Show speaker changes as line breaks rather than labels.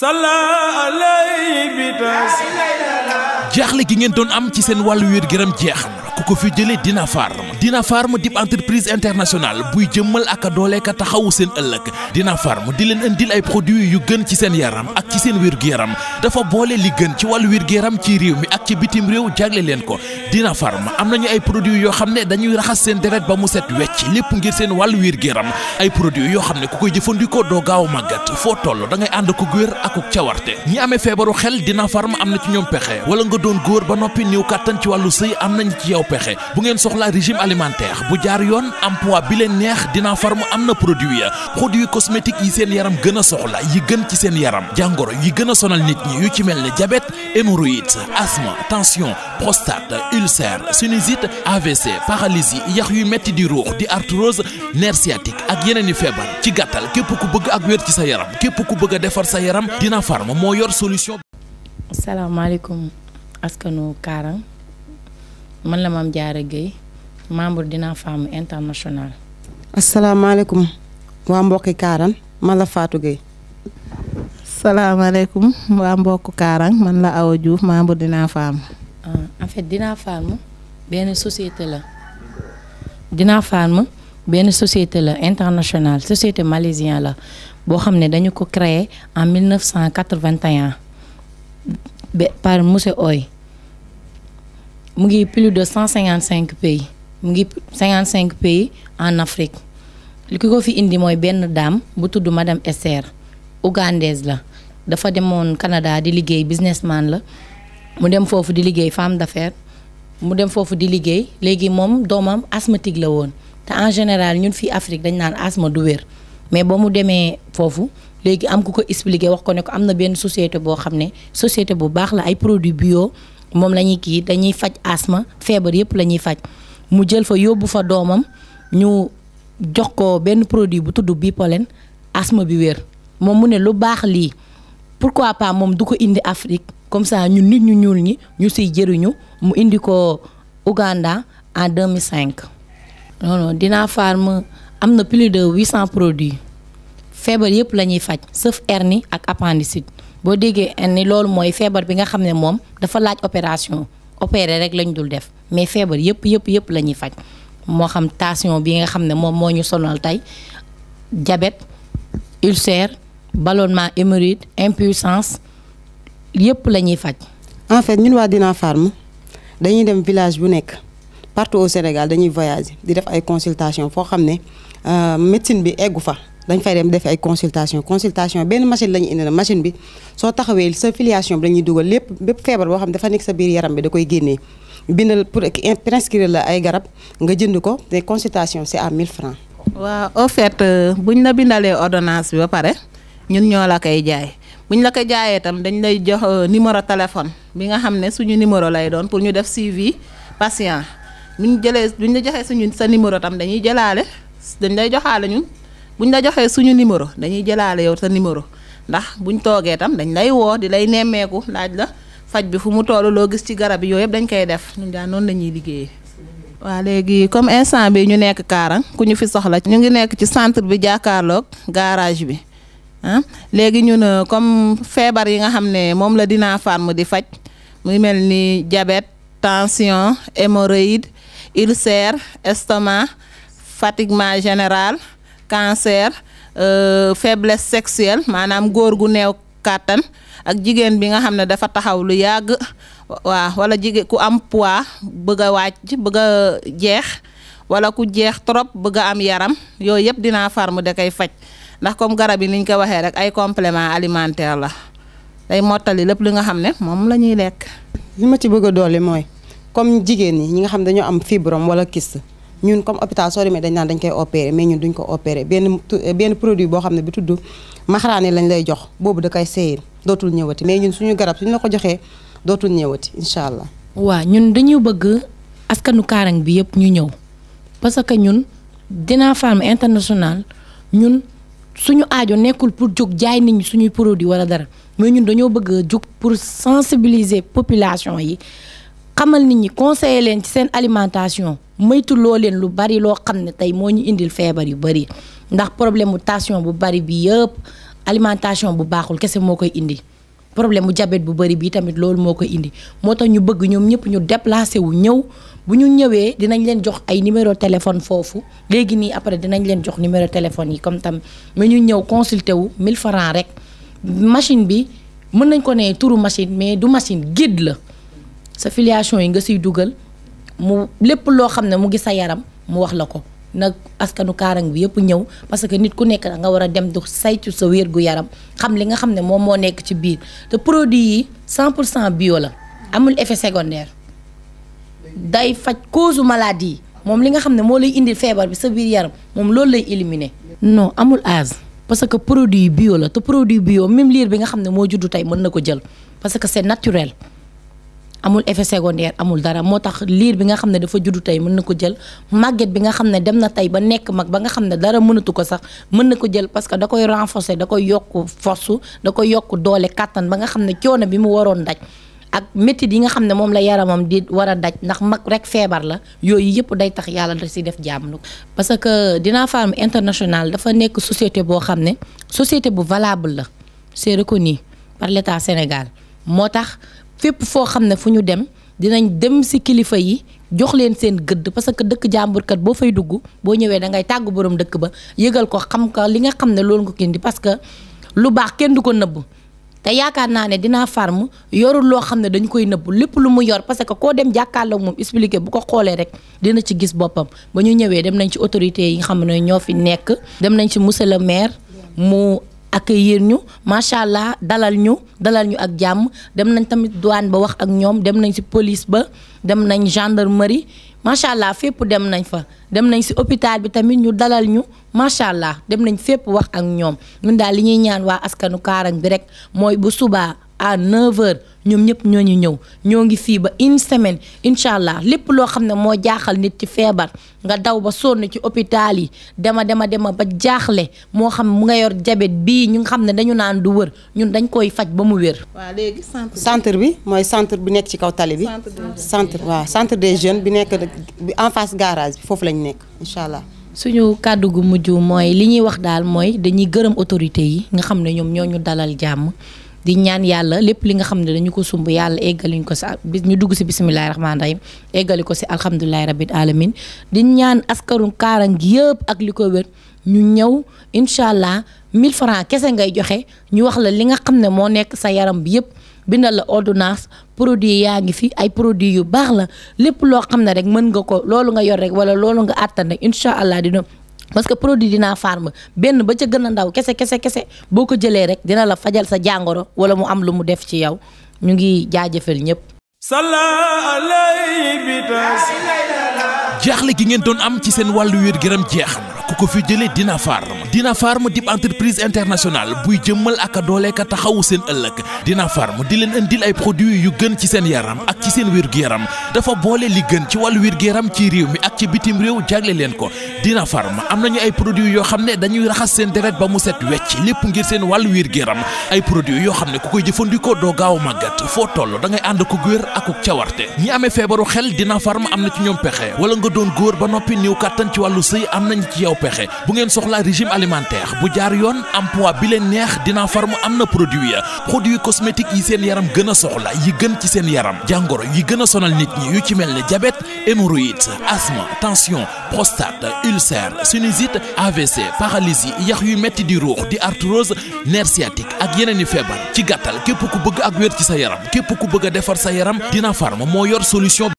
jaaxle gi ngeen doon am ci seen wàllu wér-gu-yaram jeex ku ko fi jëlee dina faar dina farm dip entreprise internationale buy jëmmal ak a doole ka taxawu seen ëllëg dina farm di leen indil ay produits yu gën ci seen yaram ak ci seen wér-gu-yaram dafa boole li gën ci wàllu wér-gu-yaram ci réew mi ak ci bitim réew jagle leen ko dina farm am nañu ay produits yoo xam ne dañuy raxas seen deret ba mu set wecc lépp ngir seen wàllu wér-gu-yaram ay produits yoo xam ne ku koy jëfandikoo doo gaaw màggat foo tollu da ngay ànd ko wér akuk cawarte ñi amee feebaru xel dina farm am na ci ñoom pexe wala nga doon góor ba noppi néew kàttan wàllu sëy am nañ ci yow pexe bu alimentaire bu jaar yoon emploi bi leen neex Dina Farm am na produit ya produit cosmétique yi seen yaram gën a soxla yi gën seen yaram jàngoro yi gën sonal nit ñi yu ci mel ne diabète hémorroïdes asthme tension prostate ulcère sinusite AVC paralysie yax yu metti di ruux di arthrose nerf sciatique ak yeneen i feebar ci gàttal képp ku bëgg ak wér ci sa yaram képp ku bëgg a defar sa yaram Dina Farm moo yor solution.
bi salaamaaleykum askanu Kaarang mën la Mame Diarra Gueye membre Dina Femme International.
asalaamaaleykum waa mbokki Kaaràn man la Fatou Gueye. salaamaaleykum waa mbokk Kaaràn man la Awa Diouf membre Dina Femme.
Ah, en fait Dina Femme benn société la Dina Femme benn société la internationale société malaisienne la boo xam ne dañu ko créé en 1981 par monsieur Oy mu ngi plus de 155 pays. mu ngi cinq pays en Afrique li ki ko fi indi mooy benn daam bu tudd madame Esther ougandaise la dafa demoon Canada di liggéey businessman la mu dem foofu di liggéey femme d'affaires mu dem foofu di liggéey léegi moom doomam asthmatique la woon te en général ñun fii Afrique dañ naan asthme du wér mais ba mu demee foofu léegi am ku ko expliqué wax ko ne am na benn société boo xam ne société bu baax la ay produit bio moom la ñuy kii dañuy faj asthme feebar yépp la ñuy faj mu jël fa yóbbu fa doomam ñu jox ko benn produit bu tudd bii pollen asthme bi wér moom mu ne lu baax lii pourquoi pas moom du ko indi Afrique comme ça ñun nit ñu ñuul ñi ñu siy jëriñu mu indi ko Ouganda en 2005. cinq non Dina Farm am na plus de 800 produits feebar yëpp la ñuy faj sauf hernie ak appendicite boo déggee hernie loolu mooy feebar bi nga xam ne moom dafa laaj opération. opérer rek lañ dul def mais feebar yëpp yëpp yëpp la ñuy faj moo xam tension bi nga xam ne moom moo ñu sonal tey jabet ulcère ballonnement hémorroïde
impuissance yëpp la ñuy faj. en fait ñun waa Dina Farm dañuy dem village bu nekk partout au Sénégal dañuy voyager di def ay consultation foo xam ne euh, médecine bi eggu fa. dañ fay dem def ay consultation consultation benn machine lañu ñu indi na machine bi soo taxawee sa filiation bi la dugal lépp bépp feebar boo xam dafa nekk sa biir yaram bi da koy génnee bindal pour prescrire la ay garab nga jënd ko te consultation c'est à 1000 francs
waaw au fait euh, buñ la bindalee ordonnance bi ba pare ñun ñoo la koy jaay buñ la ko jaayee itam dañ lay jox euh, numéro téléphone bi nga xam ne suñu numéro lay doon pour ñu def suivi patient buñ jëlee buñ la joxee suñu sa numéro tam dañuy jëlaale dañ lay joxaale ñun buñ la joxee suñu numéro dañuy jëlaale yow sa numéro ndax buñ toogee tam dañ lay woo di lay nemmeeku laaj la faj bi fu mu toll loo gis ci garab yi yooyu yëpp dañ koy def ñun daan noonu la ñuy liggéeyee. waa léegi comme instant bi ñu nekk Kaarang ku ñu fi soxla ñu ngi nekk ci centre bi jàkkaarloog garage bi ah léegi ñun euh, comme feebar yi nga xam ne moom la Dina Farm di faj muy mel ni diabète tension hémorroïde ulcère estomac fatiguement général cancer euh, faiblesse sexuelle maanaam góor gu neew kàttan ak jigéen bi nga xam ne dafa taxaw lu yàgg waa wala jigéen ku am poids bëgg a wàcc bëgg a jeex wala ku jeex trop bëgg am yaram yooyu yëpp dinaa farme da koy faj ndax comme garab yi niñ ko waxee rek ay complément alimentaire
la day mottali lépp li nga xam ne moom la ñuy lekk. li ma ci bëgg a dolli mooy comme jigéen ñi ñi nga xam dañoo am fibrome wala kyste ñun comme hôpital soo demee dañ naan dañ koy opéré mais ñun duñ ko opéré eh, benn produit boo xam ne bi tudd maxaraane lañ lay jox boobu da koy seeyil dootul ñëwati mais ñun suñu garab suñu la ko joxee dootul ñëwati incha allah.
waa ñun dañu bëgg askanu Karang bi yëpp ñu ñëw parce que ñun Dina Farm International ñun suñu aajo nekkul pour jug jaay nit suñuy produit wala dara mais ñun dañoo bëgg a jóg pour sensibiliser population yi. xamal nit ñi conseiller leen ci seen alimentation moytu loo leen lu bari loo xam ne tey moo ñu indil feebar yu bari ndax problème mu tension bu bari bi yëpp alimentation bu baaxul kese moo koy indi problème mu diabète bu bari bi tamit loolu moo koy indi moo tax ñu bëgg ñoom ñëpp ñu déplacé wu ñëw bu ñu ñëwee dinañ leen jox ay numéro téléphone foofu léegi nii après dinañ leen jox numéro téléphone yi comme tam mais ñu ñëw consulter wu 1000 francs rek machine bi mën nañ ko ne turu machine mais du machine guide la sa filiation yi nga siy dugal mu lépp loo xam ne mu ngi sa yaram mu wax la ko nag askanu kaarang bi yëpp ñëw parce que nit ku nekk da nga war a dem du saytu sa wér gu yaram xam li nga xam ne moom moo nekk ci biir te produit yi 100 pour cent bio la amul effet secondaire day faj cause maladie yi moom li nga xam ne moo lay indil feebar bi sa biir yaram moom loolu lay éliminer. non amul âge parce que produit bio la te produit bio même liir bi nga xam ne moo juddu mën na ko jël parce que c'est naturel. amul effet secondaire amul dara moo tax liir bi nga xam ne dafa juddu tey mën na ko jël màgget bi nga xam ne dem na tey ba nekk mag ba nga xam ne dara mënatu ko sax mën na ko jël parce que da koy renforcer da koy yokk force da koy yokk doole kàttan ba nga xam ne coono bi mu waroon daj ak métit yi nga xam ne moom la yaramam di war a daj ndax mag rek feebar la yooyu yëpp day tax yàlla da si def jàmm parce que Dina Farm International dafa nekk société boo xam ne société bu valable la c'est reconnu par Sénégal fépp foo xam ne fu ñu dem dinañ dem ci kilifa yi jox leen seen gëdd parce que dëkk jàmburkat boo fay dugg boo ñëwee da ngay tàggu borom dëkk ba yëgal ko xam ka li nga xam ne loolu nga kenn di parce que lu baax kenn du ko nëbb te yaakaar naa ne dinaa farm yorul loo xam ne dañu koy nëbb lépp lu mu yor parce que koo dem jàkkaarloo moom expliqué bu ko xoolee rek dina ci gis boppam ba ñu ñëwee dem nañ ci autorités yi nga xam ne ñoo fi nekk dem nañ ci monsieur le maire mu accueillir ñu macha allah dalal ñu dalal ñu ak jàmm dem nañ tamit douane ba wax ak ñoom dem nañ ci police ba dem nañ gendarmerie macha allah fépp dem nañ fa dem nañ ci hôpital bi tamit ñu dalal ñu macha allah dem nañ fépp wax ak ñoom ñun daal li ñuy ñaan waa askanu kaarang bi rek mooy bu subaa. à 9 ñoom ñëpp ñoo ñu ñëw ñoo ngi fii ba une semaine incha allah lépp loo xam ne moo jaaxal nit ci feebar nga daw ba sonn ci hôpital yi dema dema dema ba jaaxle moo xam mu nga yor jabet bii ñu nga xam ne dañu naan du wër ñun dañ koy
faj ba mu wér. waaw léegi centre bi mooy centre bi nekk ci kaw tali bi. centre waaw centre des jeunes bi nekk en face garage bi foofu lañu nekk incha allah. suñu kàddu gu
mujj mooy li ñuy wax daal mooy dañuy gërëm autorité yi nga xam ne ñoom ñoo ñu dalal jàmm. di ñaan yàlla lépp li nga xam ne dañu ko sumb yàlla eggaliñ ko si ñu dugg si bisimilahi rahmaani rahim eggali ko si alhamdulilahi rabil alamin di ñaan askaru kaarang yëpp ak li ko wér ñu ñëw incha allah 1000 francs kese ngay joxe ñu wax la li nga xam ne moo nekk sa yaram bi yëpp bindal la ordonnance produit yaa ngi fi ay produit yu baax la lépp loo xam ne rek mën nga ko loolu nga yor rek wala loolu nga àttan rek incha allah dina parce que produit Dina ma benn ba ca gën ndaw kese kese kese boo ko jëlee rek dina la fajal sa jàngoro wala mu am lu mu def ci yow ñu ngi jaajëfal ñëpp.
jaaxle gi ngeen doon am ci seen wàll wér-gu-yaram jeex na ku ko fi jëlee Dina Farma. dina farm dib entreprise internationale buy jëmmal ak a doole ka taxawu seen ëllëg dina farm di leen indil ay produits yu gën ci seen yaram ak ci seen wér-gu-yaram dafa boole li gën ci wàllu wér-gu-yaram ci réew mi ak ci bitim réew jagle leen ko dina farm am nañu ay produits yoo xam ne dañuy raxas seen deret ba mu set wecc lépp ngir seen wàllu wér-gu-yaram ay produits yoo xam ne ku koy jëfandikoo doo gaaw màggat foo toll da ngay ànd ko wér ak ko cawarte ñi amee feebaru xel dina farm am na ci ñoom pexe wala nga doon góor ba noppi néew kàttan ci wàllu sëy am nañ ci yow pexe bu ngeen alimentaire bu jaar yoon emploi bi leen neex dina farmu am na produit ya produit cosmétique yi seen yaram gën a soxla yi gën ci seen yaram jàngoro yi gën a sonal nit ñi yu ci mel ne diabète hémorroïdes asthme tension prostate ulcère sinusite AVC paralysie yax yu metti di ruux di arthrose nerf sciatique ak yeneen yi feebar ci gàttal képp ku bëgg ak wér ci sa yaram képp ku bëgg a defar sa yaram dina farm moo yor solution